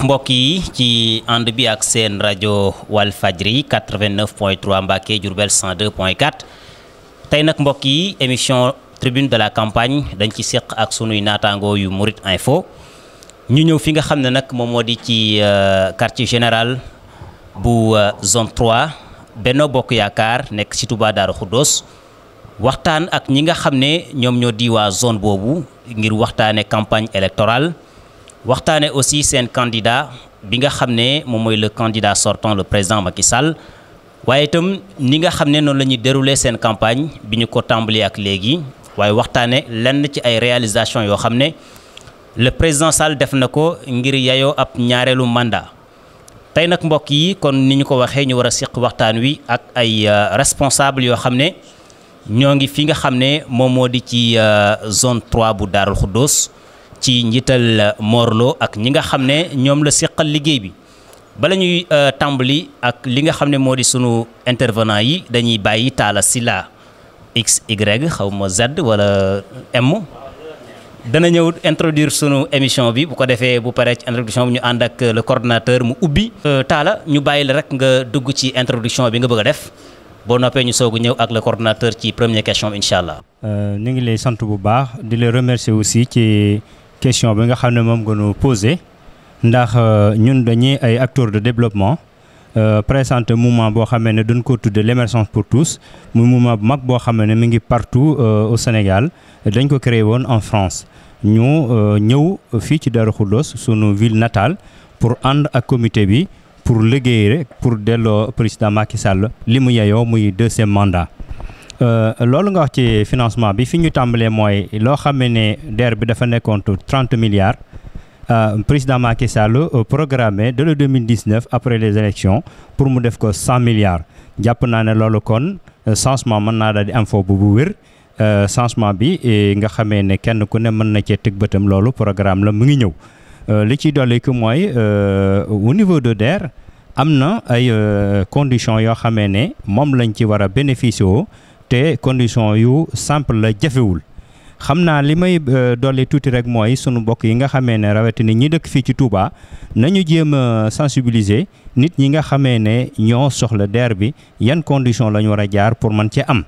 mbokki ci and bi ak radio wal fajri 89.3 mbake Diourbel 102.4 tay nak mbokki yi émission tribune de la campagne dañ ci sekk ak sunuy natango yu Mouride Info ñu ñew fi nga xamne nak nag modi ci euh, quartier général bu euh, zone 3 Benno Bokk yakar nek ci Touba Darou Khoudoss waxtaan ak ñi nga xamne ñom ñoo di waa zone bobu ngir waxtaane campagne électorale waxtane aussi sen candidat bi nga xamné ne le candidat sortant le président Macky Sall waye tam ni nga xamné non lañuy dérouler sen campagne biñu ko tàmbalee ak légui waye waxtane lenn ci ay réalisation yo xamné le président Sall def nako ko ngir yayo ab ñaarelu mandat. tay nak mbok yi kon ni ko waxé ñu wara a waxtaan wi ak ay euh, responsable yo xamné ñongi fi nga xamné ne ci euh, zone 3 bu Darul ci njital euh, Morlo ak ñi nga xam ne ñoom la seqal liggéey bi ba lañuy euh, tambali ak li nga xam modi sunu intervenant yi dañuy bàyyi Talla sila x y xaw ma z wala m dana ñëw introduire sunu émission bi bu ko défé bu paré ci introduction bi ñu and ak euh, le coordinateur mu ubbi Talla ñu bayyi la rek nga dugg ci introduction bi nga bëgg def bo noppé ñu soog a ñëw ak le coordinateur ci première question inshallah euh allah. ngi lay sant bu baax di le remercier aussi ci question bi nga xam ne moom nga ñu posé ndax euh, ñun ay acteurs de développement euh, présenté mouvement boo xamee ne dañ ko tuddee l'émergence pour tous muy mouvement bu mag boo mi ngi partout euh, au Sénégal dañ ko créé en France ñu ñëw fii ci Daru Khoudoss sunu ville natale pour ànd ak comité bi pour liggéey rek pour delloo président Macky Sall li mu yeyoo muy deuxième mandat. Euh, loolu nga wax ci financement bi fi ñu tàmbalee mooy loo xam ne DER bi dafa nekkoon 30 milliards euh, président Macky Sall euh, programmé de le 2019 après les élections pour mu def ko 100 milliards jàpp naa ne loolu kon changement mën naa daal di am foofu bu wér changement bi nga xamee ne kenn ku ne mën na cee tëg bëtam loolu programme la mu ngi ñëw li ciy dolliku mooy au niveau de DER am na ay conditions yoo xamee ne moom lañ ci war a te condition yu simple la jafewul xam naa li may euh, dolli tuuti rek mooy sunu mbokk yi nga xamee ne rawatina ñi dëkk fii ci Touba nañu jéem a sensibiliser nit ñi nga xamee ne ñoo soxla DER bi yan condition la ñu war a jaar pour mën cee am.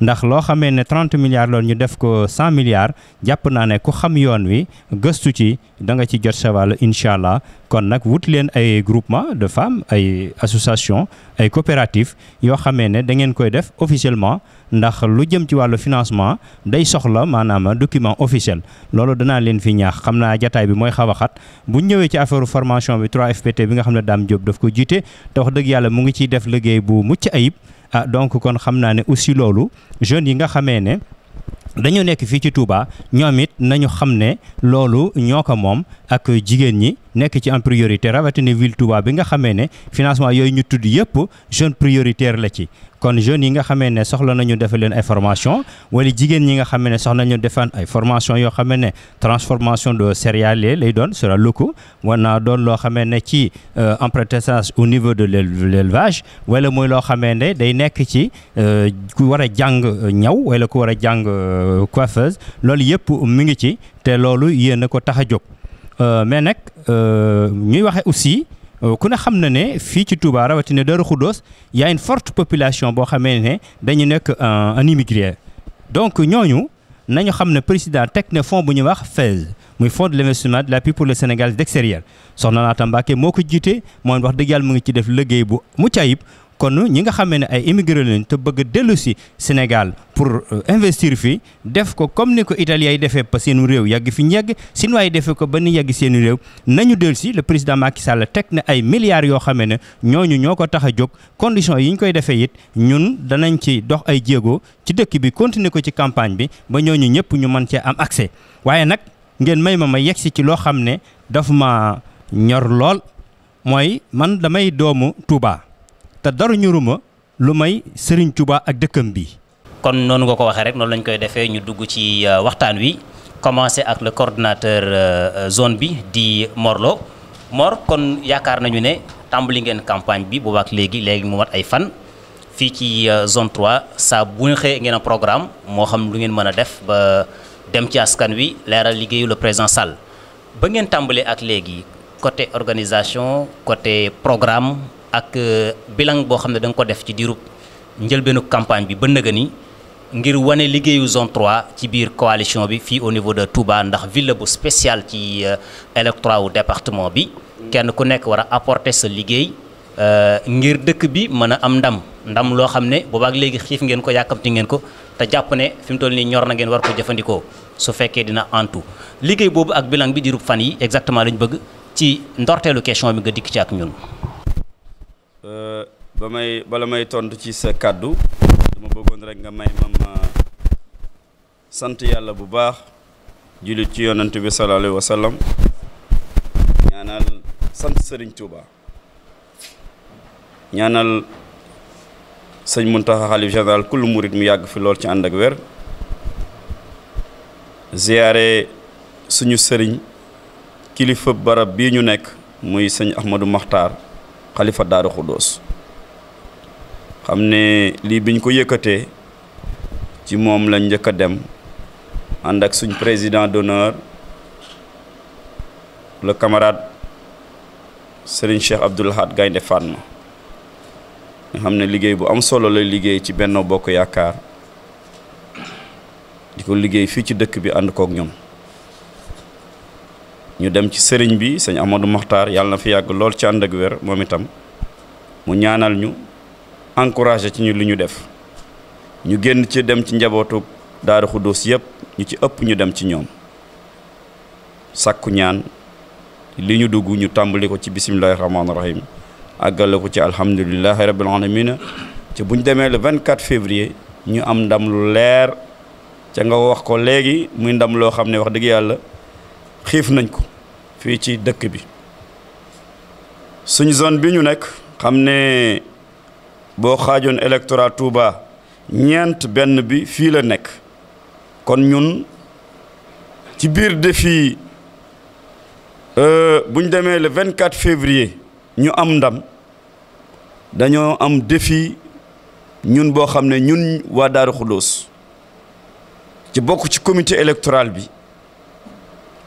ndax loo xamee ne trente milliards loolu ñu def ko cent milliards jàpp naa ne ku xam yoon wi gëstu ci da nga ci jot sa wàll incha allah kon nag wut leen ay groupement de femmes ay association ay coopérative yoo xamee ne da ngeen koy def officiellement ndax lu jëm ci wàllu financement day soxla maanaam document officiel loolu danaa leen fi ñaax xam naa jataay bi mooy xaw a xat bu ñëwee ci affaire formation bi 3FPT bi nga xam ne daam Diop daf ko jiite te dëgg yàlla mu ngi ciy def liggéey bu mucc ayib. Ah, donc kon xam naa ne aussi loolu jeunes yi nga xamee ne dañoo nekk fii ci Touba ñoom it nañu xam ne loolu ñoo ko moom ak jigéen ñi. nekk ci en priorité rawatina ville Touba bi nga xamee ne financement yooyu ñu tudd yépp jeune prioritaire la ci kon jeunes yi nga xamee soxla nañu wala transformation de céréales, lay doon sur le coup war doon loo xamee en ci euh, au niveau de l'élevage wala mooy a ñaw wala ku euh, coiffeuse mi ngi ci euh, mais nag euh, ñuy waxee aussi euh, ku ne xam na né fi ci Touba rawatina Darou Khoudoss y a une forte population bo xamé né dañu nekk un immigré donc ñoñu nañu xam ne président teg na fonds bu ñu wax FAISE muy fond de l'investissement de l'appui pour le Sénégal d'extérieur soxna Naata Mbacké moo ko jiite mooy wax dëgg yàlla mu ngi ci def liggéey bu mucc ayib kon ñi nga xam ne ay immigré lañ te bëgg dellusi dellu Sénégal pour euh, investir fi def ko comme ni ko italien yi defee pa seenu réew yàgg fi ñu yàgg Sinois defee ko ba ni yàgg seenu réew nañu dellu si le président Macky Sall teg na ay milliards yoo xam ne ñooñu ñoo ko tax a jóg conditions yi ñu koy defee it ñun danañ ci dox ay jéego ci dëkk bi continuer ko ci campagne bi ba ñooñu ñëpp ñu mën cee am accès waaye nag ngeen may ma ma yegg si ci loo xam ne daf ma ñor lool mooy man damay doomu Touba. te dara ñuruma lu may Serigne Touba ak dëkkam bi. kon nonu nga ko waxee rek noonu lañ koy défé ñu dugg ci euh, waxtaan wi commencer ak le coordinateur euh, zone bi di Morlo Mor kon yaakaar nañu né tambali ngeen campagne bi boobaak légui légui mu wat ay fan. fi ci euh, zone 3 sa bu ñu xëyee ngeen programme mo xam lu ngeen mëna def ba dem ci askan wi leeral liggéeyu le président Sall ba ngeen tambalé ak légui côté organisation côté programme ak eh, bilang bo xam ne ko def ci diirub njëlbeenu campagne bi ba ni ngir wane liggéeyu zone 3 ci bir coalition bi fii au niveau de Touba ndax ville bu spéciale ci eh, électorat wu département bi kenn ku nekk war a apporter sa liggéey eh, ngir dëkk bi mën a am ndam ndam loo xam ne boobaak léegi xiif ngeen ko yàkkamti ngeen ko ta jàpp ne fi toll nii ñor na ngeen war ko jëfandikoo su fekkee dina antu liggéey boobu ak bilang bi dirup fan yi exactement lañ bëgg ci ndorteelu question bi nga dikk ci ak ñun ba may bala may tontu ci sa kàddu dama bëggoon rek nga may mam sant yàlla bu baax jullit ci yonent bi sallallahu alayhi wa ñaanal sant sëriñ Touba ñaanal sëñ Muntaxa xalif général kullu murit mu yàgg fi lool ci ànd ak wér ziyaare suñu sëriñ kilifa barab bii ñu nekk muy sëñ Ahmadou Maxtaar xalifa daaru xuddoos xam ne lii biñ ko yëkkatee ci moom lañ njëkk a dem ànd ak suñ président d'honneur le camarade Serigne Cheikh Abdoul Ahad Gaynde Fatma nga xam ne liggéey bu am solo lay liggéey ci benn Bokk Yaakaar di ko liggéey fii ci dëkk bi ànd kook ñoom ñu dem ci sëriñ bi sëñ Amadou Maxtaar yàlla na fi yàgg lool ci ànd ak wér moom itam mu ñaanal ñu encouragé ci ñu li ñu def ñu génn ci dem ci njabootu Daaru Xuddoos yëpp ñu ci ëpp ñu dem ci ñoom sàkku ñaan li ñu dugg ñu tàmbali ko ci bisimilahi rahmaani rahim àggale ko ci alhamdulilahi rabil alamina ci bu ñu demee le quatre février ñu am ndam lu leer ca nga wax ko léegi muy ndam loo xam ne wax dëgg yàlla. xiif nañ ko fii ci dëkk bi suñ zone bi ñu nekk xam ne boo xaajoon électorat Touba ñeent benn bi fii la nekk kon ñun ci biir défi euh, bu ñu demee le 24 février ñu am ndam dañoo am défi ñun boo xam ne ñun waa Daaru Xudoos ci bokk ci comité électoral bi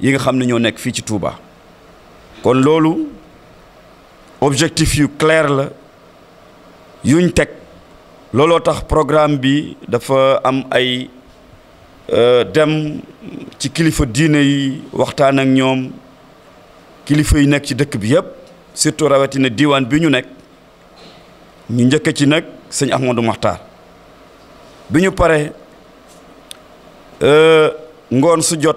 yi nga xam ne ñoo nekk fii ci Touba kon loolu objectif yu clair la yuñ teg looloo tax programme bi dafa am ay euh, dem ci kilifa diine yi waxtaan ak ñoom kilifa yi nekk ci dëkk bi yëpp surtout rawatina diiwaan bi ñu nekk ñu njëkk ci nag sëñ Ahmadou Maxtaar bi ñu paree euh, ngoon su jot.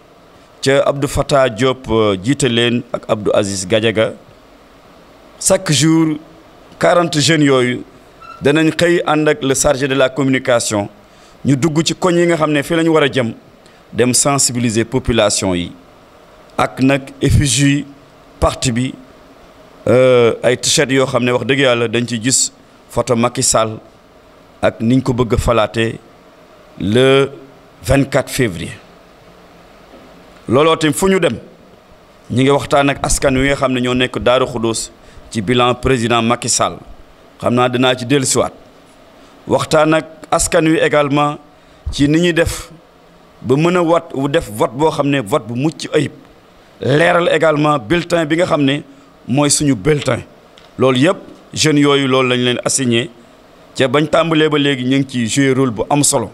ci Abdou Fattah Diop euh, jiite ak Abdou Aziz Gadiaga chaque jour quarante jeunes yooyu danañ xëy and ak le chargé de la communication ñu dugg ci koñ yi nga xamné fi lañu wara jëm dem sensibiliser population yi ak nak effigie parti bi euh, ay t-shirt yoo xam wax deug yalla dañ ci gis photo Macky Sall ak niñ ko bëgg falaté le 24 février. looloo tamit fu ñu dem ñu ngi waxtaan ak askan wi nga xam ne ñoo nekk Daaru Xudoos ci bilan président Macky Sall xam naa dinaa ci dellusiwaat waxtaan ak askan wi également ci ni ñuy def ba mën a wat def vote boo xam ne vote bu mucc ayib leeral également bulletin bi nga xam ne mooy suñu bulletin loolu yëpp jeunes yooyu loolu lañ leen assigné ca bañ tàmbalee ba léegi ñu ngi ciy joué rôle bu am solo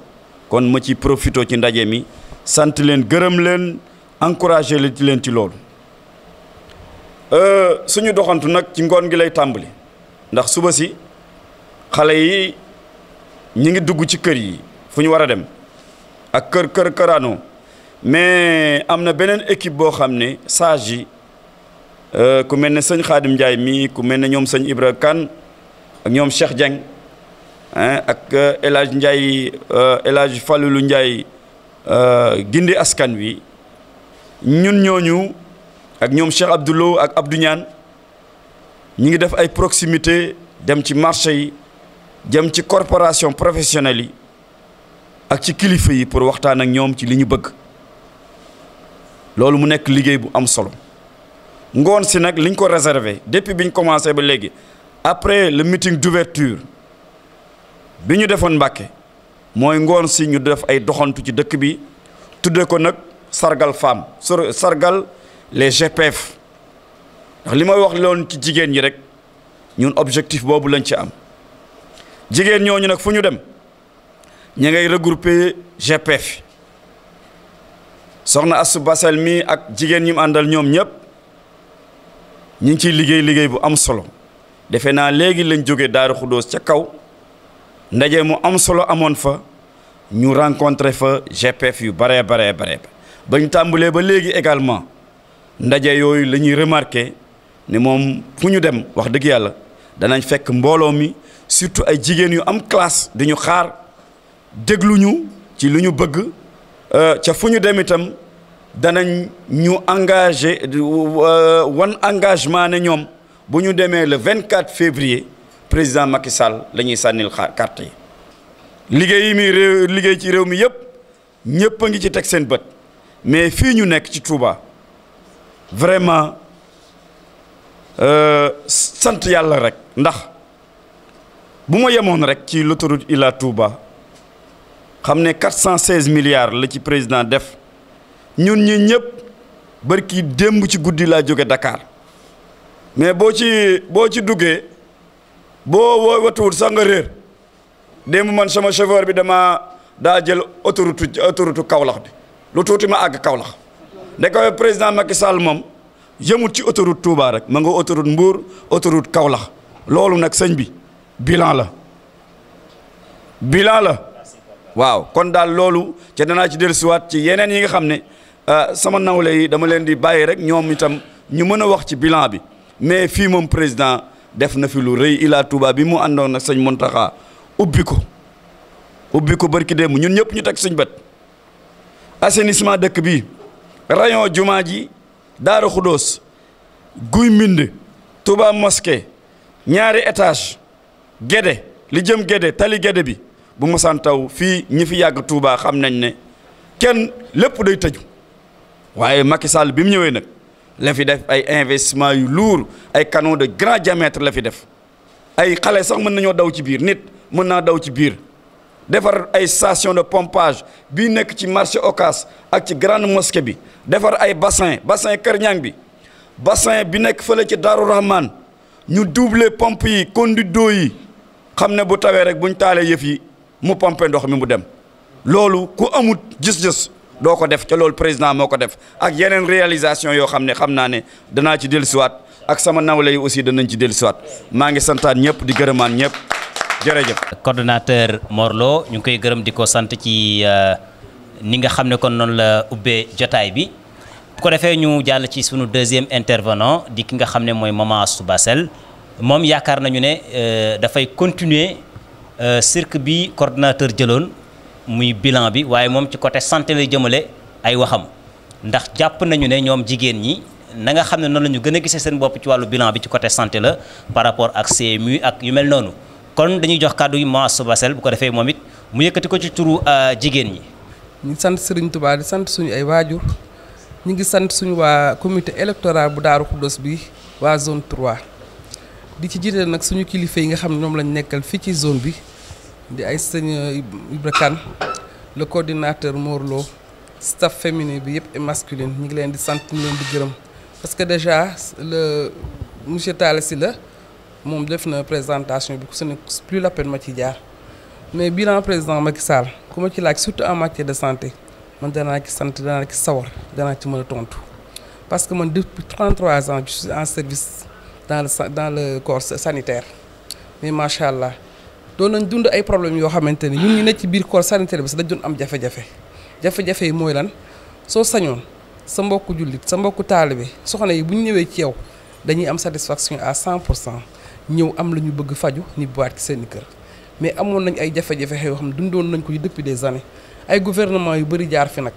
kon ma ci profito ci ndaje mi sant leen gërëm leen encouragé li leen ci loolu euh, suñu doxantu nag ci ngoon gi lay tàmbali ndax suba si xale yi ñu ngi dugg ci kër yi fu ñu war a dem ak kër kër këraanoo mais am na beneen équipe boo xam ne sage yi euh, ku mel ne sëñ Xaadim Njaay mii ku mel ne ñoom sëñ Ibra Kan ak ñoom Cheikh Dieng ak euh, El Hadj Ndiaye El Hadj Falulu Ndiaye gindi askan wi ñun ñooñu ak ñoom Cheikh Abdoulou ak Abdou Niane ñu ngi def ay proximité dem ci marché yi dem ci corporation professionnelle yi ak ci kilifa yi pour waxtaan ak ñoom ci li ñu bëgg loolu mu nekk liggéey bu am solo ngoon si nag liñ ko réservé depuis biñ commencé ba léegi après le meeting d'ouverture bi ñu defoon Mbàkke mooy ngoon si ñu def ay doxantu ci dëkk bi tudde ko nag sargal femme sargal les GPF ndax li may wax lon ci jigen ñi rek ñun objectif bobu lañ ci am Jigen ñoñu nak fuñu dem ñu ngay regrouper GPF soxna Astou Bassel mi ak jigen ñim andal ñom ñep ñi ci ngi ciy bu am solo defé na légui lañ joggé daru ca kaw ndaje mu am solo amone fa ñu rencontrer fa GPF yu bare bare bare bañ tambulé ba également ndaje remarqué dem wax danañ mi surtout ay classe de xaar ont ci nous bëgg euh fuñu dem itam danañ ñu euh, engagement le 24 février président Macky Sall lañuy ñuy carte yi yi ci mi yépp ñëpp mais si nous sommes Touba vraiment euh, sante yalla rek ndax buma l'autoroute Ila Touba 416 milliards le ci président def ñun ñi barki ci Dakar mais si ci bo ci duggé bo woo watuwul sax des choses, man sama chauffeur bi dama autoroute autoroute lu tuuti ma àgg kawlax ndeke président Macky Sall moom yëmut ci autoroute Touba rek ma nga autoroute Mbour autoroute Kaolack loolu nag sëñ bi bilan la bilan la waaw kon daal loolu ca danaa ci dellusiwaat ci yeneen yi nga xam ne euh, sama nawle yi dama leen di bàyyi rek ñoom itam ñu mën a wax ci bilan bi mais fii moom président def na fi lu rëy Ila Touba bi mu àndoon nag sëñ Mountakha ubbi ko ubbi ko barki démb ñun ñëpp ñu teg suñ bët assainissement dëkk bi rayon jumaa ji Daaru Xudóos Guy Mbind Touba moske ñaari étage Gédé li jëm Gédé tali Gédé bi bu mosaan taw fii ñi fi yàgg Touba xam nañ ne kenn lépp day tëju waaye Macky Sall bi mu ñëwee nag la fi def ay investissement yu lourd ay canon de grand diamètre la fi def ay xale sax mën nañoo daw ci biir nit mën naa daw ci biir Dever ay station de pompage bi nek ci marché Ocass ak ci grande mosquée bi ay bassin bassin Kër bi bassin bi nek ci Darou Rahman ñu doubler pompe yi conduite d'eau yi xamné bu rek ndox mi dem amut gis-gis def ci lolu président def ak réalisation yo xamné ne né dana ci ak sama aussi de ci ma ngi jërëjëf coordonnateur Morlo ñu ngi koy gërëm di ko sant ci euh, ni nga xam ne kon noonu la ubbee jotaay bi bu ko defee ñu jàll ci sunu deuxième intervenant di ki nga xam ne mooy Maman Astou Bassel moom yaakaar nañu ne euh, dafay continuer euh, cirque bi coordinateur jëloon muy bilan bi waaye moom ci côté santé lay jëmale ay waxam ndax jàpp nañu ne ñoom jigéen ñi na nga xam ne noonu la ñu gën a gisee seen bopp ci wàllu bilan bi ci côté santé la par rapport ak CMU ak yu mel noonu kon dañuy jox kàddu yi Mass Bassel bu ko defee moom it mu yëkkati ko ci turu euh, jigéen ñi. ñu sant Serigne Touba di sant suñu ay waajur ñu ngi sant suñu waa comité électoral bu Daaru Xuddos bi waa zone 3 di ci jiital nag suñu kilifa yi nga xam ne ñoom lañu nekkal fii ci zone bi di ay sëñ Ibra Kane le coordinateur Morlo staff féminin bi yëpp et masculine ñu ngi leen di sant ñu leen di gërëm parce que déjà le monsieur Talla Sylla la. moom def na présentation bi ce n'est plus la peine ma ci mais bilan président Macky Sall ku ma ci surtout en matière de santé man danaa santé sant danaa ci sawar danaa ci tout tontu parce que mon depuis 33 ans je suis en service dans le dans le corps sanitaire mais machallah allah doon nañ dund ay problèmes yo xamanteni ñun ñi ne ci biir corps sanitaire bi sax doon am jafé jafé jafé jafé moy lan so sañoon sa mbokku julit sa mbokku taalibe soxna yi bu ñu ñëwee ci yow dañuy am satisfaction à 100 ñëw am la ñu bëgg faju ni boîte ci seen kër mais amoon nañ ay jafe-jafe yoo xam ne dundoon nañ ko yu depuis des années ay gouvernement yu bëri jaar fi nag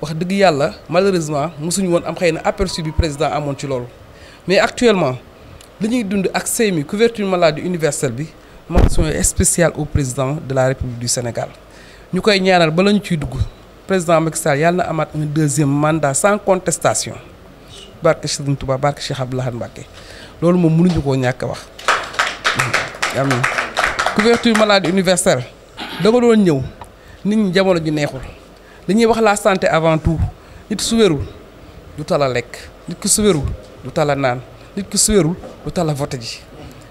wax dëgg yàlla malheureusement mosuñu woon am xëy na aperçu bi président amoon ci loolu mais actuellement li ñuy dund ak CMU couverture maladie universelle bi mention spéciale au président de la République du Sénégal ñu koy ñaaral ba la ciy dugg président Macky Sall yàlla na amaat un deuxième mandat sans contestation barke Serigne Touba barke Cheikh Abdoul Ahad loolu moom mënuñu koo ñàkk wax am couverture maladie universelle da nga doon nous nit ñi jamono ji dañuy wax la santé avant tout nit su wérul du tala lekk nit ki su nous du tala naan nit ki du tala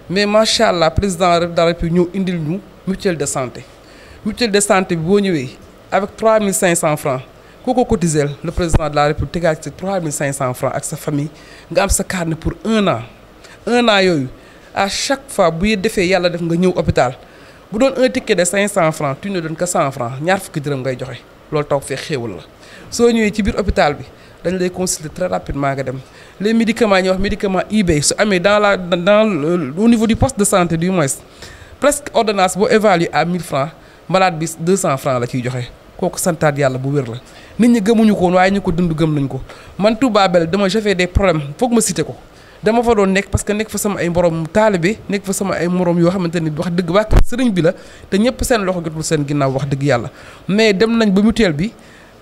mais Machallah, le président de la République ñëw indil ñu mutuelle de santé mutuelle de santé bi boo avec 3500 francs koo ko le président de la République a ci 3500 francs avec sa famille nga am sa carte pour un an un an yooyu à chaque fois bu defee yalla def nga ñëw hôpital bu doon un ticket de 500 francs tu ne donnes que 100 francs ñaar fukki dërëm ngay joxé lool taw fee xéewal la so ñëwee ci biir hôpital bi dañ lay consulter très rapidement nga dem les médicaments les médicaments eBay su amé dans la dans au niveau du poste de santé du moins presque ordonnance bo évalue à 1000 francs malade bi 200 francs la ciy joxe kooku santat yalla bu wër la nit ñi gëmuñu ko woon ñi ko dund gëm nañ ko man Touba Bel dama jafe des problèmes Faut que ma cité ko. dama fa doon nekk parce que nekk fa sama ay moroom taalibe nekk fa sama ay moroom yoo xamante ni wax dëgg waa sëriñ bi la te ñëpp seen loxo jotul seen ginnaaw wax dëgg yàlla mais dem nañ ba mutuelle bi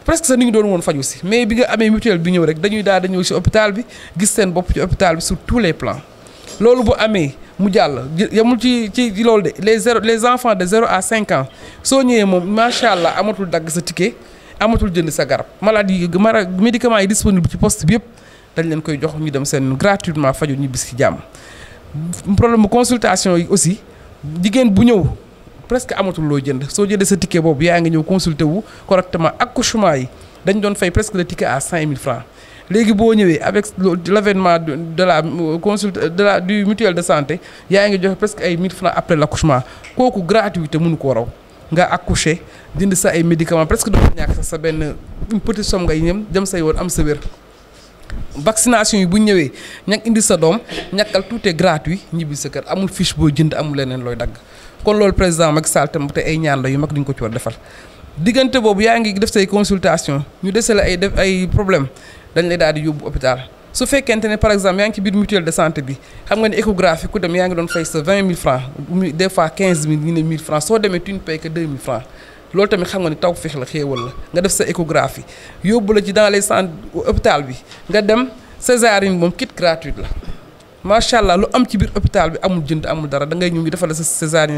presque sax ni ñu doon woon faju si mais bi nga amee mutuel bi ñëw rek dañuy daal dañëw si hôpital bi gis seen bopp ci hôpital bi sur tous les plans loolu bu amee mu jàll yamul ci ci loolu de les zéro les enfants de zéro à cinq soo ñëwee moom macha allah amatul dagg sa ticket amatul jënd sa garab maladie yi médicaments yi disponible ci poste bi yëpp dañ leen koy jox ñu dem seen gratuitement faju ñu bis ci jàmm problème consultation yi aussi jigéen bu ñëw presque amatul loo jënd soo jëlee sa ticket boobu yaa ngi ñëw consulter wu correctement accouchement yi dañ doon fay presque le ticket à 5000 francs léegi boo ñëwee avec l'avènement de la consulte de la du mutuelle de santé yaa ngi joxe presque ay 1000 francs après l'accouchement kooku gratuité mënu ko raw nga accoucher dind sa ay médicaments presque doo ñàkk sa benn une petite somme ngay ñëm dem say woon am sa wér vaccination yi bu ñëwee ñàkk indi sa doom ñàkkal tout est gratuit ñibbi sa kër amul fiche boo jënd amul leneen looy dagg kon loolu président Macky Sall tam te ay ñaan la yu mag duñ ko ci war defal diggante boobu yaa ngi def say consultation ñu desale ay def ay problème dañ lay daal di yóbbu hôpital su fekkente ne par exemple yaa ngi ci biir mutuelle de santé bi xam nga ne échographie ku dem yaa ngi doon fay sa vingt mille francs des quinze mille ñu loolu tamit xam nga ni taw la à la nga def sa échographie yóbbu la ci dans les centres hôpital bi nga dem césarienne kit gratuite la lu am ci hôpital bi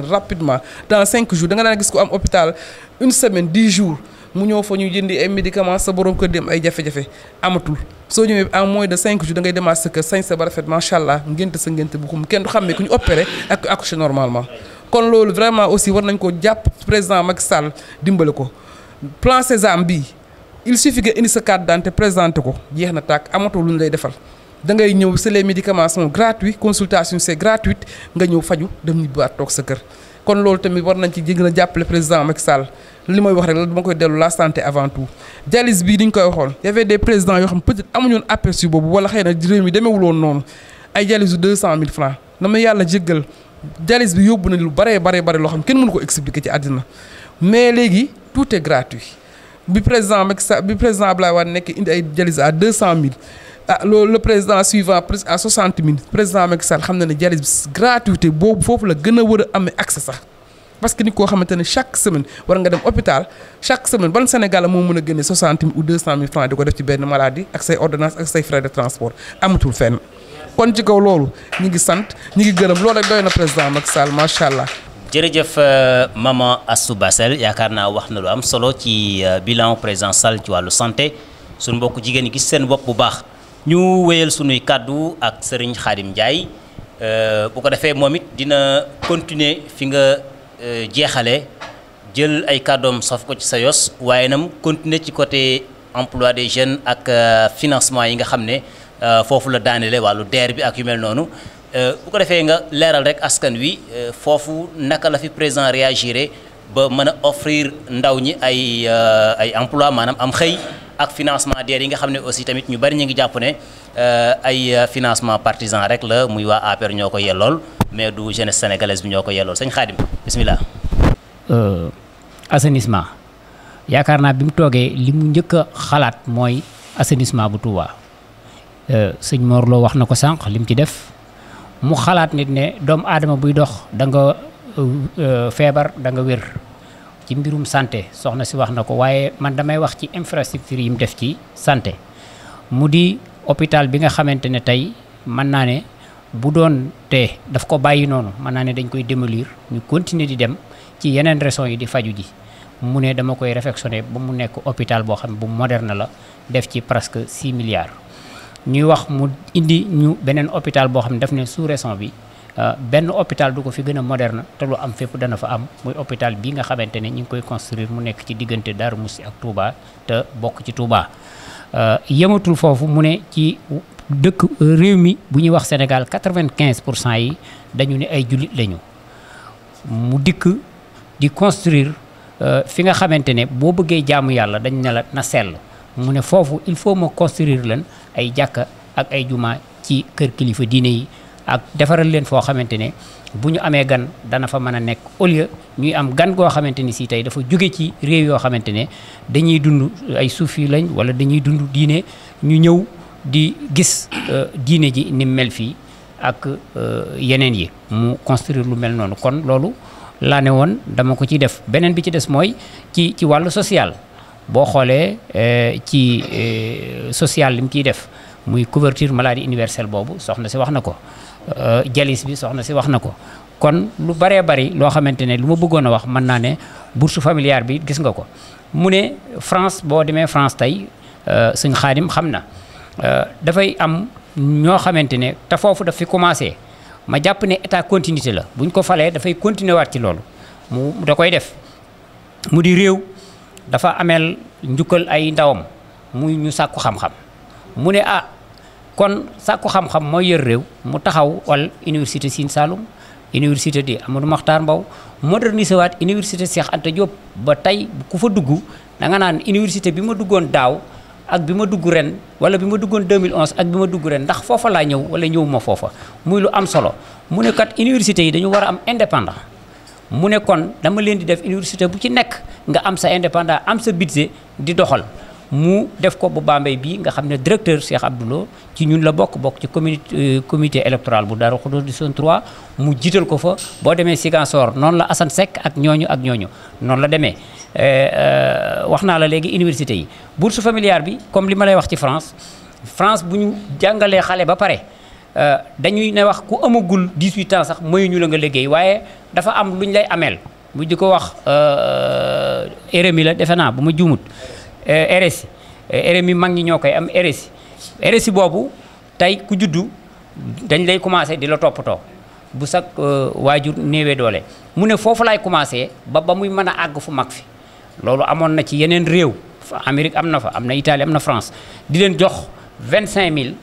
rapidement dans cinq jours da nga gis ko am hôpital une semaine 10 jours mu ñoo fa ñu jëndi ay médicaments sa borom kër dem ay jafe-jafe amatul soo ñëwee en moins de 5 jours da ngay demaat sa sañ sa ba rafet machallah sa bu xum du ku ñu opéré ak accouché normalement kon lolou vraiment aussi war nañ ko japp président Macky Sall dimbalé ko plan Sésame bi il suffit que indi sa carte d'identité présenté ko jeex tak amato luñ lay defal da ngay ñëw c'est les médicaments sont gratuits consultation c'est gratuite nga ñëw faju dem ñu baat tok sa kër kon lolou tamit war nañ ci jëg na japp le président Macky Sall li moy wax rek dama koy dellu la santé avant tout dialyse bi diñ koy waxoon y avait des présidents yo xam peut-être amuñu woon aperçu bobu wala xëy na réew mi won non ay dialyse 200000 francs na ma yàlla jéggal dialyse bi yóbbu na lu baree baree bare loo xam kenn mënu ko expliqué ci àddina mais léegi tout est gratuit bi président Macky sax bi président Ablaye Wade nekk indi ay dialyse à deux cent mille ah loolu le président suivant presque à soixante mille président Macky Sall xam na ne dialyse bi gratuité boobu foofu la gën a war a amee accès sax parce que nit koo xamante ne chaque semaine war nga dem hôpital chaque semaine ban Sénégal moo mën a génne soixante mille ou deux benn maladie ak say ordonnance ak say frais kon ci kaw loolu ñu ngi sant ñu ngi gërëm loolu rek doy na président Macky Sall macha allah. jërëjëf euh, maman Astou Bassel yaakaar naa wax na lu am solo ci euh, bilan président Sall ci wàllu santé suñu mbokku jigéen ñi gis seen bopp bu baax ñu wéyal sunuy kàddu ak sëriñ Xaadim Ndiaye euh, bu ko defee moom it dina continuer fi nga jeexale jël ay kàddoom sof ko ci sa yos waaye nam continuer ci côté emploi des jeunes ak financement yi nga xam ne. Eh, Fofu la daanele walu derbi bi ak yu mel noonu eh, bu ko defee nga leeral rek askan wi eh, foofu naka la fi président réagiré ba mën offrir ndaw ñi ay ay emploi maanaam am ak financement DER yi nga xam aussi tamit ñu bari ñu ngi jàpp ne ay financement partisan rek la muy waa APR ñoo ko yellool mais du jeunesse sénégalaise bi ñoo ko yellool sëñ Xaadim bismillah euh, assainissement yaakaar naa bi mu toogee li moy assainissement bu Touba sëñ Mor Lo wax na lim ci def mu xalaat nit ne dom adama buy dox da nga euh, febar da nga wér ci mbirum santé soxna si wax na ko waaye man damay wax ci infrastructure yim def ci santé mu di hôpital bi nga xamantene tay man bu doon te daf ko bayyi nonu man naa ne dañ koy démolir ñu continuer di dem ci yenen raison yi di faju ji mu ne dama koy réfectionné bu mu nek hôpital bo xam bu moderne la def ci presque 6 milliards ñuy wax mu indi ñu benen hôpital bo xamne daf ne sous récent bi euh, benn hôpital du ko fi gëna moderne té lu am fepp dana fa am muy hôpital bi nga xamantene ñing koy construire mu nekk ci digënté Dar Moussi ak Touba te bok ci Touba euh, yëmatul fofu mu ne ci dëkk réew mi bu ñuy wax Sénégal 95 yi dañu ne ay julit lañu mu dikk di construire euh, fi nga xamantene bo boo bëggee jaamu Yalla dañ ne la na sel mu ne fofu il faut mo construire lan ay jàkka ak ay juma ci kër kilifa diine yi ak defaral leen foo xamante ne bu ñu amee gan dana fa mën a nekk au ñuy am gan goo xamante ni sii tey dafa jóge ci réew yoo xamante ne dañuy dund ay suuf yi lañ wala dañuy dund diine ñu ñëw di gis euh, diine ji ni mel fii ak euh, yeneen yi mu construire lu mel noonu kon loolu laa ne woon dama ko ci def beneen bi ci des mooy ci ci wàllu social boo xoolee eh, ci eh, social li mu ciy def muy couverture maladie universelle boobu soxna si wax na ko jalis eh, bi soxna si wax na ko kon lu baree bari loo xamante ne lu ma bëggoon a wax mën naa ne bourse familiale bi gis nga ko mu ne France boo demee France tey suñ xaadim xam na dafay am ñoo xamante ne te foofu daf fi commencé ma jàpp ne état continuité la buñ ko falee dafay continuer waat ci loolu mu da koy def mu di réew dafa amel njukal ay ndawam muy ñu sakku xam-xam mu ne ah kon sakku xam-xam mo yër rew mu taxaw wal université sin salum université di Amadou Makhtar mbaw moderniser wat université Cheikh Anta Diop ba tay ku fa dugg da nga nan université bima duggon daw ak bima ma dugg ren wala bima duggon 2011 ak bima ma dugg ren ndax fofa la ñew wala ma fofa muy lu am solo mu ne kat université yi dañu war am indépendant mu ne kon dama leen di def université bu ci nek nga am sa indépendant am sa budget di doxal mu def ko bu Bambey bii nga xam ne directeur Cheikh Abdoulo ci ñun la bokk bokk ci comité euh, comité électoral bu Darou Khoudoss di zone 3 mu jiital ko fa boo demee Ziguinchor noonu la Assane Seck ak ñooñu ak ñooñu noonu la demee euh, euh, wax naa la léegi université yi su familiale bi comme li ma lay wax ci France France bu ñu jàngalee xale ba pare dañuy ne wax ku amagul 18 ans sax mayuñu la nga liggéey waaye dafa am lu lay ameel bu di ko wax euh, euh, RMI la defe naa bu ma juumut euh, RSI RMI mag ñi ñoo koy am RSI RSI boobu tey ku juddu dañ lay commencé di la toppatoo bu sax waajur néewee doole mu ne foofu laay commencé ba ba muy mën a àgg fu mag fi loolu amoon na ci yeneen réew Amérique am na fa am na Italie am na France di leen jox vingt 25000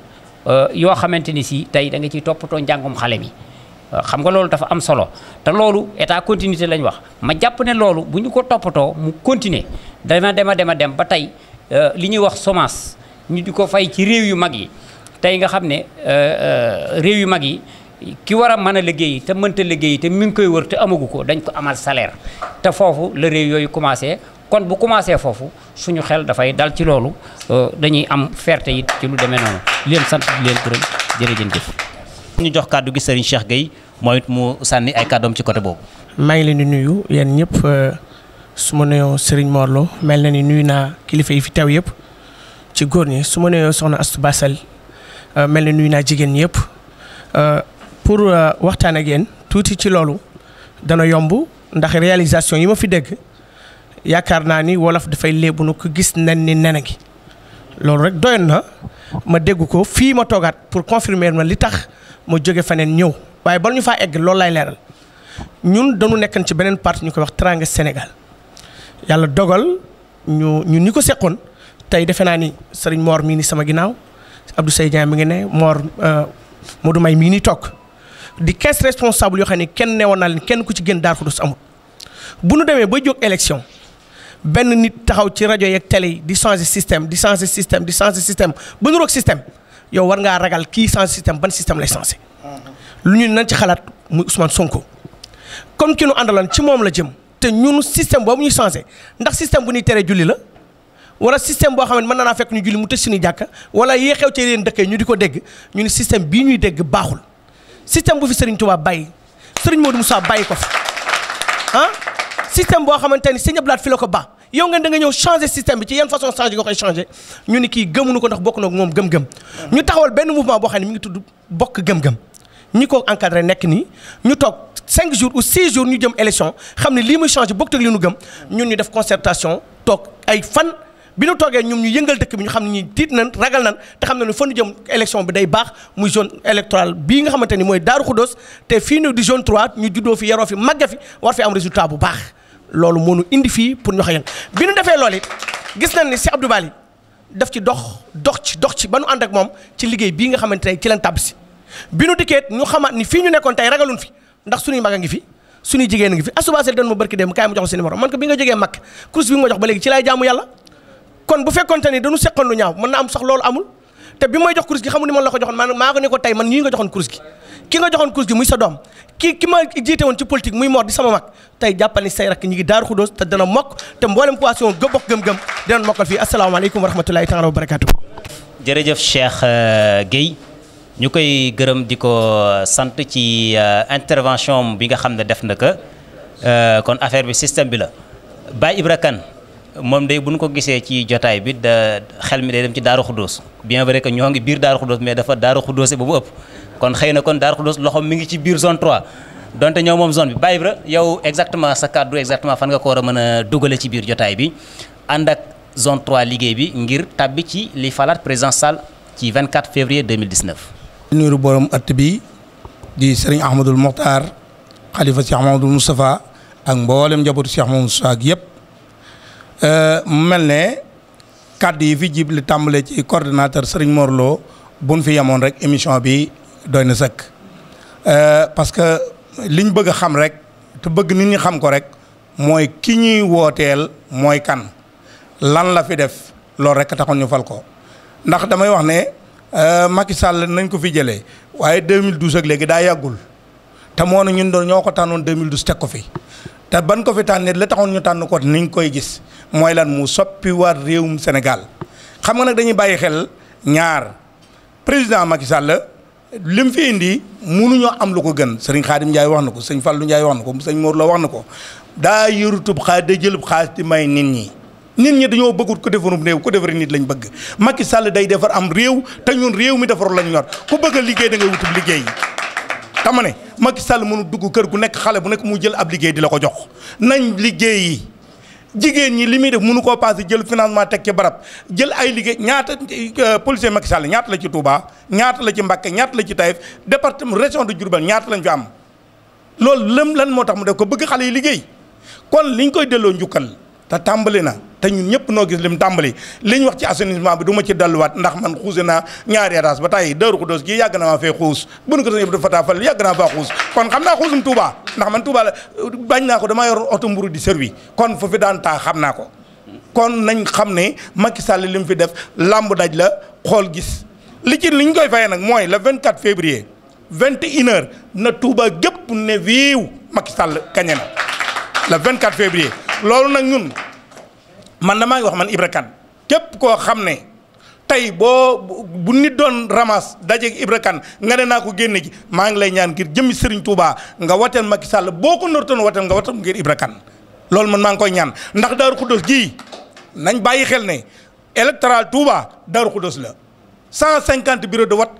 yoo xamante ni si tey da nga ciy toppatoo njàngum xale mi xam nga loolu dafa am solo te loolu état continuité lañ wax ma jàpp ne loolu bu ñu ko toppatoo mu continuer dana dem a dem a dem ba tey euh, li ñuy wax semence ñu di ko fay ci réew yu mag yi tey nga xam ne euh, euh, réew yu mag yi ki war a mën a liggéey te mënta liggéey te mi ngi koy wër te amagu ko dañ ko amal salaire te foofu la réew yooyu commencé kon bu commencé foofu suñu xel dafay dal ci loolu dañuy am fierté yi ci lu demee noonu leen sant di leen gërëm ñu jox kàddu gi Serigne Cheikh Gueye moom it mu sànni ay kàddoom ci côté boobu. maa ngi leen di nuyu yéen ñëpp euh, su ma nuyoo Serigne Morlo mel na ni nuyu naa kilifa yi fi teew yëpp ci góor ñi su ma nuyoo soxna Astou Bassal euh, mel na nuyu naa jigéen ñëpp euh, pour waxtaan ak yéen tuuti ci loolu dana yomb ndax réalisation yi ma fi dégg yaakaar naa ni wolof dafay léebu nu ko gis nen ni nena gi loolu rek doyoon na. ma dégg ko fii ma toogaat pour confirmer ma li tax ma jóge feneen ñëw waaye bala ñu faa egg loolu lay leeral ñun dañu nekkan ci beneen parti ñu koy wax Teranga Sénégal yàlla dogal ñu ñun ñi ko seqoon tey defe naa ni sëriñ moor mii ni sama ginnaaw Abdou Seydina mi ngi ne Mor euh, du May mii ni toog di 15 responsable yoo xam ne kenn newoon naa leen kenn ku ci gën Darou Khoudoss amul bu nu demee ba jóg élection. benn nit taxaw ci rajo yeeg tele yi di changer système di changer système di changer système ba nu système yow war ngaa ragal kii changer système ban système lay changer. lu ñu nañ ci xalaat muy Ousmane Sonko comme ki nu àndaloon ci moom la jëm te ñun système boobu ñuy changer ndax système bu ñuy teree julli la. wala système boo xam ne mën na naa fekk ñu julli mu tëj suñu jàkka wala yee xew ci yeneen dëkk ñu di ko dégg ñu ne système bii ñuy dégg baaxul système bu fi Serigne Touba bàyyi Serigne Modou Moussa bàyyi ko fi ah. système bo xamante seigne Sëñ fi lako ba yow ngeen da nga ñew changer système bi ci yan façon changer nga koy changer ñu ni ki gëmuñu ko ndax bokk na mom gëm-gëm. ñu taxawal ben mouvement bo xamni mi ngi tuddu bokk gëm-gëm ñi ko encadré nek ni ñu tok 5 jours ou 6 jours ñu jëm élection xamni li lii muy changer bokk ak li ñu gëm ñun ñu def concertation tok ay fan. bi ñu toogee ñum ñu yëngal dëkk bi ñu xamni ne ñi tiit nañ ragal nañ te xamna ñu ne fa ñu jëm élection bi day baax muy zone électorale bi nga xamante moy Daru Daaru Xuddoos te fii nu di zone 3 ñu juddoo fi yaro fi magga fi war fi am résultat bu baax loolu moo nu indi fii pour ñu wax yéen bi ñu defee loolu it gis nañ ni si Abdou Bali daf ci dox dox ci dox ci ba nu ànd ak moom ci liggéey bii nga xamante ne ci leen tàbb si bi nu dikkee ñu xamaat ni fii ñu nekkoon tey ragalun fi ndax suñuy mag a ngi fi suñuy jigéen a ngi fi asubasel doon ma barki dem kaay ma jox seen numéro man ko bi nga jógee mag course bi nga jox ba léegi ci laay jaamu yàlla kon bu fekkonte ni dañu seqoon lu ñaaw mën na am sax loolu ne ko tey man ñii nga joxoon course ki nga joxoon kus gi muy sa doom ki ki ma jiite woon ci politique muy mor di sama mag tey jàppal ni say rakk ñi ngi daaru xudóos te dana mokk te mboolem coalition gëm bokk gëm-gëm dinañ mokkal fii asalaamaaleykum wa rahmatulahi taala wa barakaatu. jërëjëf Cheikh euh, Guèye ñu koy gërëm di ko euh, sant ci euh, intervention bi nga xam ne def na ko kon affaire bi système bi la Baye ibrakan Kane moom day bu nu ko gisee ci jotaay bi da xel mi day dem ci Daaru Xuddoos bien vrai que ñoo ngi biir Daaru mais dafa Daaru Xuddoose ba mu ëpp kon xeyna kon Darou Khoudoss loxoom mi ngi ci biir zone 3 donte ñoo mom zone bi bay Ibra yow exactement sa cadre exactement fan nga ko war a mën ci biir jotay bi ànd ak zone 3 liggéey bi ngir tabbi ci li falat présence salle ci 24 février 2019. di borom ëtt bi di serigne Ahmadul Mokhtar khalifa Cheikh Mamadou Moustapha ak mboolem njabootu Cheikh Mamadou Moustapha yeb euh melne cadre yi fi jibli tambalé ci coordinateur serigne Morlo buñ fi yemoon rek émission bi. doy na sëkk euh, parce que liñ bëgg xam rek te bëgg nit ñi xam ko rek mooy ki ñuy wooteel mooy kan lan la fi def loolu rek taxoon ñu fal ko ndax damay wax ne euh, Macky Sall nañ ko fi jëlee waaye 2012 ak léegi daa yàggul te moo na ñun doon ñoo ko tànnoon 2012 teg ko fi te ban ko fi tànnee li taxoon ñu tànn ko niñ koy gis mooy lan mu soppi war réewum Sénégal xam nga nag dañuy bàyyi xel ñaar président Macky Sall. lim fi indi munuñoo am lu ko gën sëriñ Xaadim Njaay wax na ko sëñ Fàllu Njaay wax na ko sëñ Mor la wax na ko daa yërutub xaalis da jëlub xaalis di may nit ñi nit ñi dañoo bëggut ko defarub réew ko defari nit lañu bëgg Macky Sall day defar am réew te ñun réew mi defaru lañ ñor ku bëgg liggéey da ngay wutub liggéey yi tama ne Macky Sall mënu dugg kër gu nekk xale bu nekk mu jël ab liggéey di la ko jox nañ liggéey jigéen ñi li muy def mënu koo passé jël financement teg ci barab jël ay liggéey ñaata euh, policier Macky Sall ñaata la ci Touba ñaata la ci Mbacké ñaata la ci Taïf département région de Diourbel ñaata lañ fi am loolu lëm lan moo tax mu def ko bëgg xale yi liggéey kon liñ koy delloo njukkal te tàmbali na te ñun ñëpp noo gis lim tàmbali liñ wax ci assainissement bi du ma ci delluwaat ndax man xuuse naa ñaar étage ba tàyyi Daaru Xudoos gi yàgg na maa fee xuus bu nu ko sañ dafa taa fal yàgg naa kon xam naa xuusum ndax man Touba la bañ naa ko dama yor oto mburu di servi kon fu fi daan taa xam naa ko kon nañ xam ne Macky Sall li mu fi def làmb daj la xool gis li ci liñ koy fayee nag mooy le 24 février 21h na Touba gépp ne wiiw Macky Sall kañe na le 24 février loolu nag ñun man damaa ngi wax man Ibra Kane képp koo xam ne. tey boo bu nit doon ramas dajeeg Ibra Kane nga ne naa ko génne ji maa ngi lay ñaan ngir jëm Serigne Touba nga wateel Macky Sall boo ko nortoon wateel nga wateel ngir Ibra Kane loolu man maa ngi koy ñaan ndax Daaru Xuddos ji nañ bàyyi xel ne électoral Touba Daaru dos la cent cinquante bureau de wat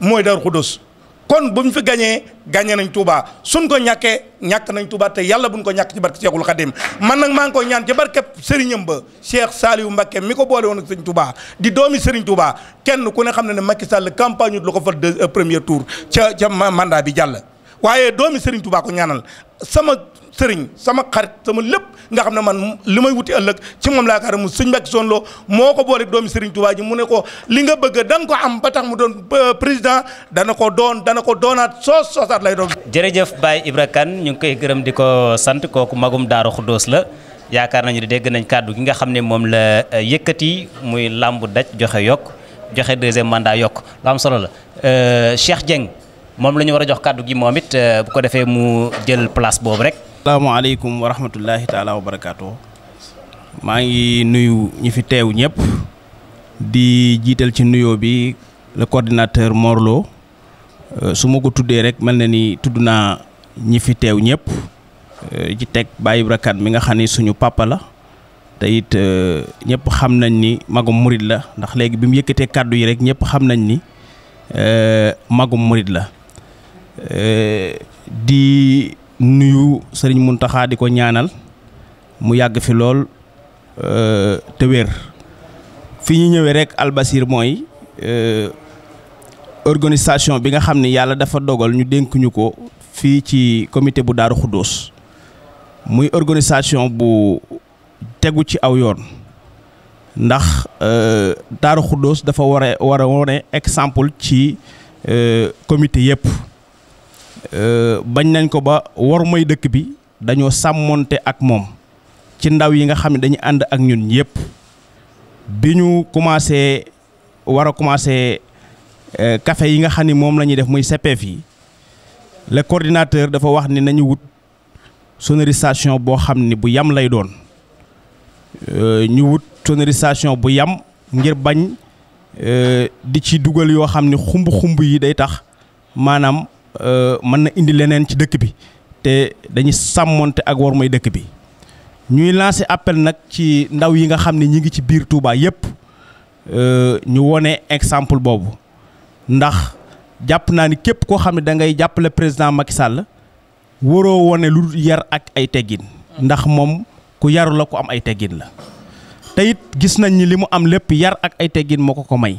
mooy Daaru Xuddos kon bu ñu fi gañee gañe nañ Touba suñ ko ñàkkee ñàkk nañ Touba te yàlla buñ ko ñàkk ci barke Cheikhul Khadim man nag maa ngi koy ñaan ci barke sëriñam ba Cheikh Saliou Mbacké mi ko boole woon ak sëñ Touba di doomi sëriñ Touba kenn ku ne xam ne ne Macky Sall campagne lu ko fa de euh, premier tour ca ca mandat bi jàll waaye doomi sëriñ Touba ko ñaanal sama sëriñ sama xarit sama lépp nga xam ne man li may wuti ëllëg ci moom laakaar mu sëñ Mbàkke Soxna moo ko boole doomi sëriñ Tuubaa ji mu ne ko li nga bëgg da nga ko am ba mu doon président dana ko doon dana ko doonaat soos soosaat lay doon. jërëjëf Baye Ibra Kane ñu ngi koy gërëm di ko sant kooku magum Daaru Xuddoos la yaakaar nañu ne dégg nañ kàddu gi nga xam ne moom la euh, yëkkati muy làmb daj joxe yokk joxe deuxième mandat yokk lu solo la euh, Cheikh Dieng moom la war a jox kàddu gi moom it euh, bu ko defee mu jël place boobu rek. salaamaaleykum wa rahmatullahi taala wa barakaatu maa ngi nuyu ñi fi teew ñëpp di jiital ci nuyoo bi la coordinateur Mor euh, su ma ko tuddee rek mel na ni tudd naa ñi fi teew ñëpp ci euh, teg bàyyi Ibra Kane mi nga xam ni suñu papa la te it euh, ñëpp xam nañ ni magum murit la ndax léegi bi mu yëkkatee kàddu yi rek ñëpp xam nañ ni magum murit la di. nuyu sëriñ Muntaxa di ko ñaanal mu yàgg fi lool euh, te wér fi ñu ñëwee rek albasir mooy euh, organisation bi nga xam ne yàlla dafa dogal ñu dénk ko fii ci comité bu Daaru Xuddoos muy organisation bu tegu ci aw yoon ndax euh, Daaru Xuddoos dafa war a war a wone exemple ci comité yëpp Euh, bañ nañ ko ba war mooy dëkk bi dañoo sàmmoonte ak moom ci ndaw yi nga xam ne dañu ànd ak ñun yëpp bi ñu commencé war a commencé euh, café yi nga xam ni moom la ñuy def muy CPF yi le coordinateur dafa wax ni nañu wut sonorisation boo xam ni bu yam lay doon euh, ñu wut sonorisation bu yam ngir bañ di ci dugal yoo xam ni xumb xumb yi day tax maanaam Euh, mën na indi leneen ci dëkk bi te dañuy sàmmonte ak war mooy dëkk bi ñuy lancé appel nag ci ndaw yi nga xam ne ñi ngi ci biir Touba yépp euh, ñu wone exemple boobu ndax jàpp naa ni képp koo xam ne dangay jàppale président Macky Sall waroo wone lu yar ak ay teggin ndax moom ku yaru la ku am ay teggin la te gis nañ ni li mu am lépp yar ak ay teggin moo ko ko may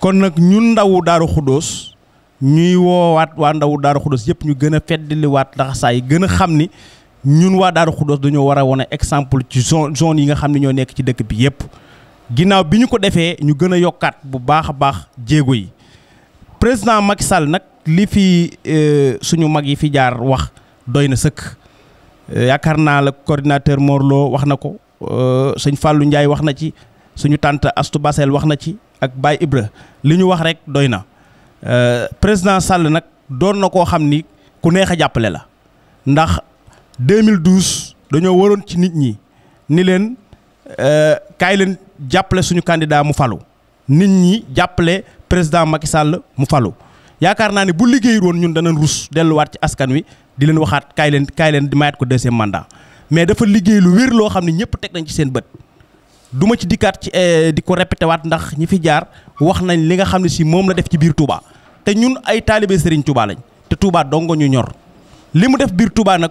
kon nag ñun ndawu Daaru Xuddoos ñuy woowaat waa ndawu Daaru Xudoos yëpp ñu gën a feddaliwaat laxasaay gën a xam ni ñun waa Daaru Xudoos dañoo war a wane exemple ci zone zone yi nga xam ne ñoo nekk ci dëkk bi yëpp ginnaaw bi ñu ko defee ñu gën a yokkaat bu baax a baax jéego yi président Macky Sall nag li fi euh, suñu mag yi fi jaar wax doy na sëkk euh, yaakaar naa la coordinateur Morlo wax na ko euh, sëñ fàllu Ndiaye wax na ci suñu tànt Astou Basel wax na ci ak Baye Ibra li ñu wax rek doy na Euh, président sàll nag doon na koo xam ni ku neex a jàppale la ndax 2012 dañoo waroon ci nit ñi ni leen euh, kaay leen jàppale suñu candidat mu falu nit ñi jàppale président Macky sàll mu falu yaakaar naa ne bu liggéeyul woon ñun danañ rus delluwaat ci askan wi di leen waxaat kaay leen kaay leen mayaat ko deuxième mandat mais dafa liggéey lu wér loo xam ne ñëpp teg nañ ci seen bët. du ma ci dikkaat ci euh, di ko répété waat ndax ñi fi jaar wax nañ li nga xam ne si moom la def ci biir Touba te ñun ay taalibe Serigne Touba lañ te Touba dongo ñu ñor li mu def biir Touba nag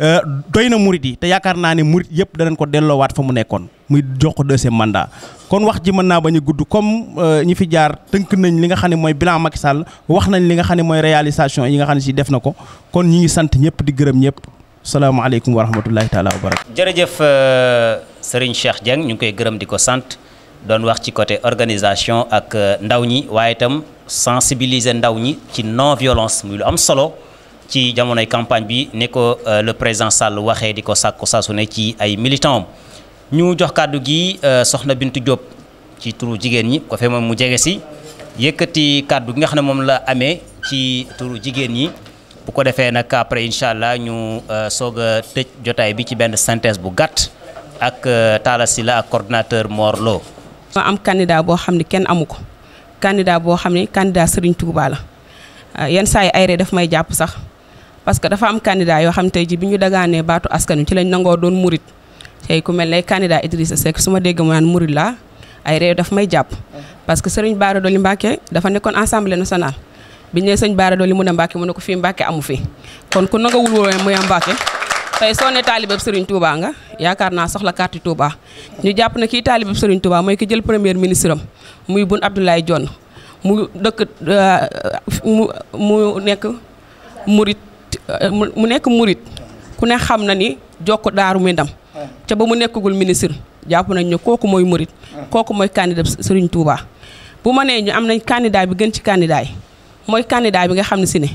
euh, doy na murit yi te yaakaar naa ne murit yëpp danañ ko delloowaat fa mu nekkoon muy jox ko deuxième mandat kon wax ji mën naa ba ñu gudd comme euh, ñi fi jaar tënk nañ li nga xam ne mooy bilan Macky Sall wax nañ li nga xam ne mooy réalisation yi nga xam ne si def na ko kon ñu ngi sant ñëpp di gërëm ñëpp salaamaaleykum wa rahmatullahi taala wa barakatu jërëjëf euh, Serigne Cheikh Dieng ñu ngi koy gërëm di ko sant don wax ci côté organisation ak euh, ndawñi waye tam sensibiliser ndawñi ci non violence muy lu am solo ci jamono campagne bi ne ko euh, le président Sall waxé diko sakko sàkku su ne ci ay militants ñu jox kàddu gi euh, soxna Bintu Diop ci turu jigen ñi ko fe mom mu jege si yëkkati kàddu gi nga mom la amé ci turu jigen ñi bu ko défé un après Inshallah, nous ñu soog tej tëj bi ci benn synthèse bu gatt ak Talla ak ma am candidat boo xam ne kenn amu ko candidat boo xam ne candidat Serigne Touba la euh, yenn saa yi ayre daf may jàpp sax parce que dafa am candidat yoo xam tey ji bi ñu dagaanee baatu askan wi ci lañ nangoo doon murit tey ku mel ne candidat Idrissa Seck su ma dégg mu naan murit laa ay réew daf may jàpp parce que Serigne Bara Dolly Mbacké dafa nekkoon assemblée nationale bi ñu nee sëñ Bara Dolly mu ne Mbacké mu ne ko fii Mbacké amu fi kon ku nangawul woon tey soo ne taalibab Serigne Touba nga yaakaar naa soxla carte Touba ñu jàpp na kii taalibab Serigne Touba mooy ki jël premier ministre am muy Boun Abdoulaye Dionne mu dëkk euh, mu nekk murit euh, mu nekk murit ku ne xam na ni jokk daaru mi ndam ca ba mu nekkagul ministre jàpp nañ ne kooku mooy murit kooku mooy candidat sëriñ Touba bu ma nee ñu am nañ candidat bi gën ci candidat mooy candidat bi nga xam ne si ne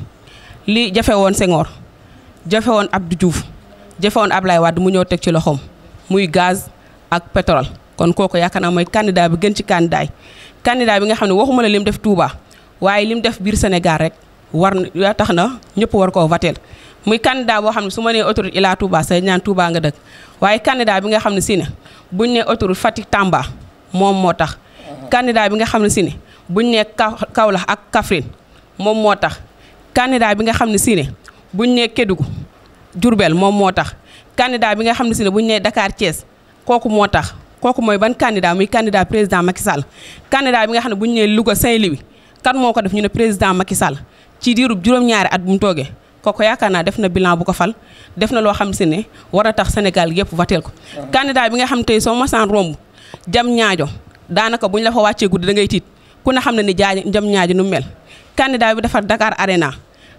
li jafe woon Senghor jafe woon Abdou Diouf jëfewoon Ablaye Wade mu ñëw teg ci loxoom muy gaz ak pétrole kon kooku yaakaar naa mooy candidat bi gën ci candidat yi candidat bi nga xam ne waxuma la lim def Touba waaye lim def biir Sénégal rek war na tax na ñëpp war koo wateel muy candidat boo xam ne su ma nee autoroute Ila Touba say ñaan Touba waaye candidat bi nga xam ne si ne buñ ne autoroute Fatick Tamba moom moo tax candidat bi nga xam ne si ne buñ ne Kaolack ak Kaffrine moom moo tax candidat bi nga xam ne si ne ne Kédougou jurubeel moom moo tax candidat bi nga xam ne si ne bu ñu nee dakaar Thiès kooku moo tax kooku mooy ban candidat muy candidat président Macky Sall candidat bi nga xam ne bu ñu nee Louga Saint-Louis kan moo ko def ñu ne président Macky Sall ci diirub juróom-ñaari at bu mu toogee kooku yaakaar naa def na bilan bu ko fal def na loo xam ne si ne war a tax Sénégal yëpp wateel ko. candidat bi nga xam tey soo masaan romb jam ñaajo daanaka bu ñu la fa wàccee guddi da ngay tiit ku ne xam ne ni jaaj jam ñaajo nu mel. candidat bi defar Dakar Arena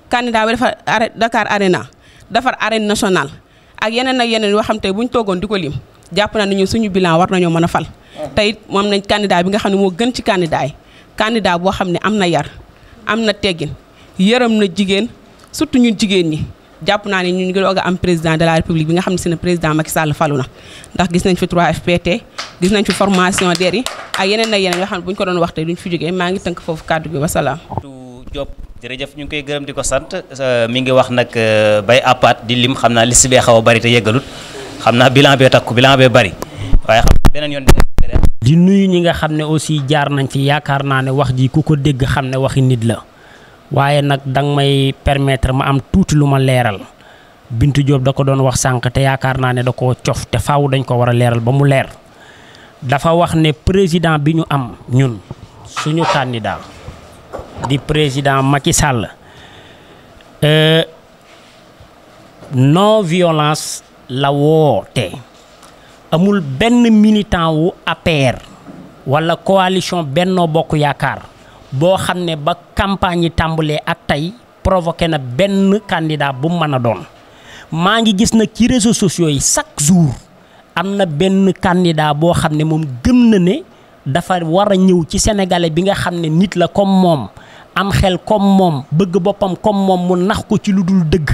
candidat bi defar Dakar Arena. defar arène nationale ak yeneen ak yeneen yoo xam te bu ñu toogoon di ko lim jàpp naa ne ñun suñu bilan war nañoo mën a fal. Ah. te it moom nañ candidat bi nga xam ne moo gën ci candidat yi boo xam ne am na yar am na teggin yërëm na jigéen surtout ñun jigéen ñi. jàpp naa ne ñu ngi doog am président de la république bi nga xam ne seen président Macky Sall falu na ndax gis nañ fi 3FPT gis nañ fi formation DER yi ak yeneen ak yeneen nga bu ñu ko doon wax tey duñ fi maa ngi tënk foofu kàddu gi wasalaam. Diop jërëjëf ñu koy gërëm di sante mi ngi wax nak euh, bay apat di lim xamna liste bi xawa bari te yeggalut xamna bilan bi takku bilan bi bari waye xam benen yoon di nuyu ñi nga xamne aussi jaar nañ ci yaakar naane wax ji ku ko dégg xamne waxi nit la waye nak dang may permettre ma am tout luma ma Bintu job da ko doon wax sank te yaakar naane da ko ciof te faaw dañ ko wara a ba mu leer dafa wax ne président bi ñu am ñun suñu candidat du président Macky Sall euh, non violence la woote amul ben militant ou APR wala coalition Benno no coalition qui ba campagne tambole atay candidat bu a gis réseaux sociaux chaque jour na candidat bo ne la comme am xel comme moom bëgg boppam comme moom mu nax ko ci lu dul dëgg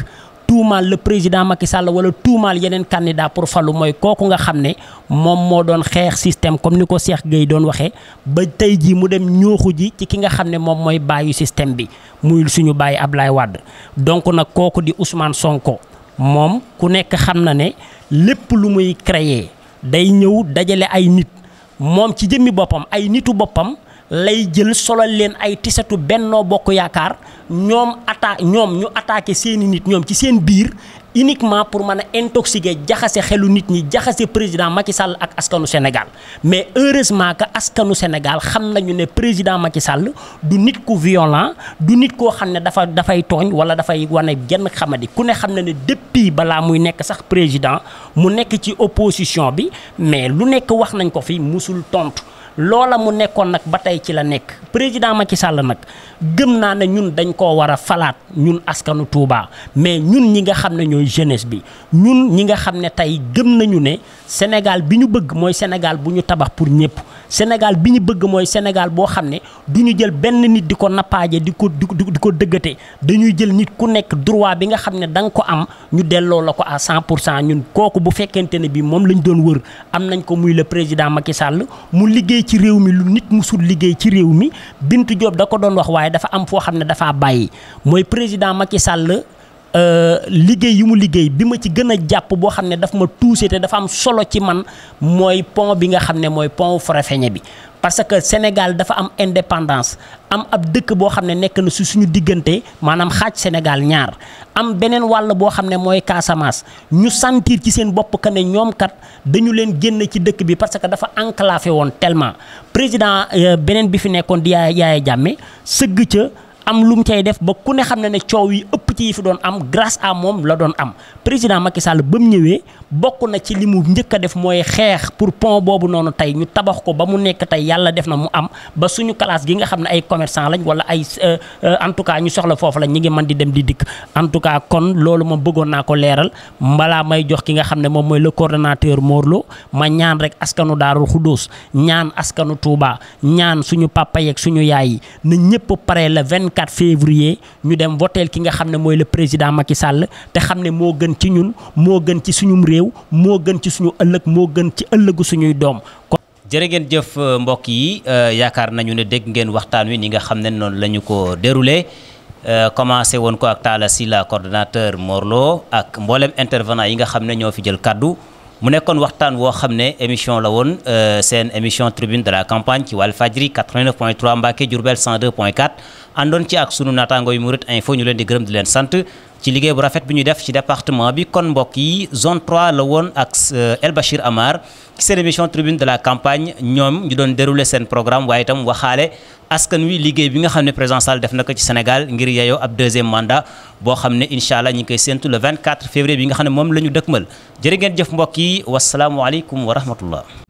tuumaal le président Macky Sall wala tuumaal yeneen candidat pour falu mooy kooku nga xam ne moom moo doon xeex système comme ni ko seex Gueye doon waxee ba tey jii mu dem ñooxu ji ci ki nga xam ne moom mooy bàyyi système bi muy suñu bàyyi ab Ablaye wàdd donc nag kooku di Ousmane Sonko moom ku nekk xam na ne lépp lu muy créer day ñëw dajale ay nit moom ci jëmmi boppam ay nitu boppam. lay jël solal leen ay tisatu bennoo bokk yaakaar ñoom atta ñoom ñu attaqué seeni nit ñoom ci seen biir uniquement pour mën a intoxiquer jaxase xelu nit ñi jaxase président Macky Sall ak askanu Sénégal mais heureusement que askanu Sénégal xam nañu ne président Macky Sall du nit ku violent du nit koo xam ne dafa dafay tooñ wala dafay wane genn xamadi ku ne xam na ne depuis balaa muy nekk sax président mu nekk ci opposition bi mais lu nekk wax nañ ko fi musul tontu. loola mu nekkoon nag ba tey ci la nekk président Macky Sall nag gëm naa ne ñun dañ koo war a falaat ñun askanu Touba mais ñun ñi nga xam ne ñooy jeunesse bi ñun ñi nga xam ne tey gëm nañu ne Sénégal bi ñu bëgg mooy Sénégal bu ñu tabax pour ñëpp Sénégal bi ñu bëgg mooy Sénégal boo xam ne du ñu jël benn nit di ko nappaaje di ko di di ko dëggate dañuy jël nit ku nekk droit bi nga xam ne danga ko am ñu delloo la ko à 100 pour cent ñun kooku bu fekkente ne bi moom lañ doon wër am nañ ko muy le président Macky Sall ci réew mi lu nit musul liggéey ci réew mi Bintu Diop da ko doon wax waaye dafa am foo xam ne dafaa bàyyi mooy président Macky Sall euh, liggéey yu mu liggéey bi ma ci gën a jàpp boo xam ne daf ma tuuse te dafa am solo ci man mooy pont bi nga xam ne mooy pont Farafeñe bi parce que Sénégal dafa am indépendance am ab dëkk boo xam ne nekk na si suñu diggante maanaam xaaj Sénégal ñaar am beneen wàll boo xam ne mooy Casamance ñu sentir ci seen bopp que ne ñoom kat dañu leen génn ci dëkk bi parce que dafa enclavé woon tellement président euh, beneen bi fi nekkoon di Yaya Jammeh sëgg ca am lu mu cay def ba ku ne xam ne ne coow yi ëpp. ci yi fi doon am grâce a moom la doon am président Macky Sall ba mu ñëwee bokk na ci li mu njëkk def mooy xeex pour pont boobu noonu tey ñu tabax ko ba mu nekk tey yàlla def na mu am ba suñu classe gi nga xam ne ay commerçant lañ wala ay euh, euh, en tout cas ñu soxla foofu lañ ñu ngi man di dem di dikk en tout cas kon loolu moom bëggoon naa ko leeral mbalaa may jox ki nga xam ne moom mooy le koordinateur Morlo ma ñaan rek askanu Daarul Xudóos ñaan askanu Touba ñaan suñu papa suñu yaay yi na ñëpp pare mooy le président Macky Sall té xamné mo gën ci ñun mo gën ci suñum réew mo gën ci suñu ëlëk mo gën ci ëlëgu suñuy doom. jërë ngeen jëf euh, mbokk yi euh, yaakar nañu né dégg ngeen waxtaan wi ni nga xamné non lañu ko euh, commencé won ko ak Tala Sila coordinateur Morlo ak mboolem intervenant yi nga xamné ño fi jël cadeau mu nekkoon waxtaan wo xamné émission la euh seen émission tribune de la campagne ci Walfadjri 89.3 Mbacké Djourbel 102.4 àndoon ci ak sunu naataango yu Mouride Info ñu leen di gërëm di leen sant ci liggéey bu rafet bi ñu def ci département bi kon mbokk yi zone 3 la woon ak euh, El Bachir Amar ci seen émission tribune de la campagne ñoom ñu doon dérouler seen programme waaye itam waxaale askan wi liggéey bi nga xam ne président Sall def na ko ci Sénégal ngir yeyoo ab deuxième mandat boo xam ne incha allah ñu ngi koy séntu le 24 février bi nga xam ne moom la ñu dëkkmal jërë ngeen jëf mbokk yi wasalaamualeykum wa rahmatullah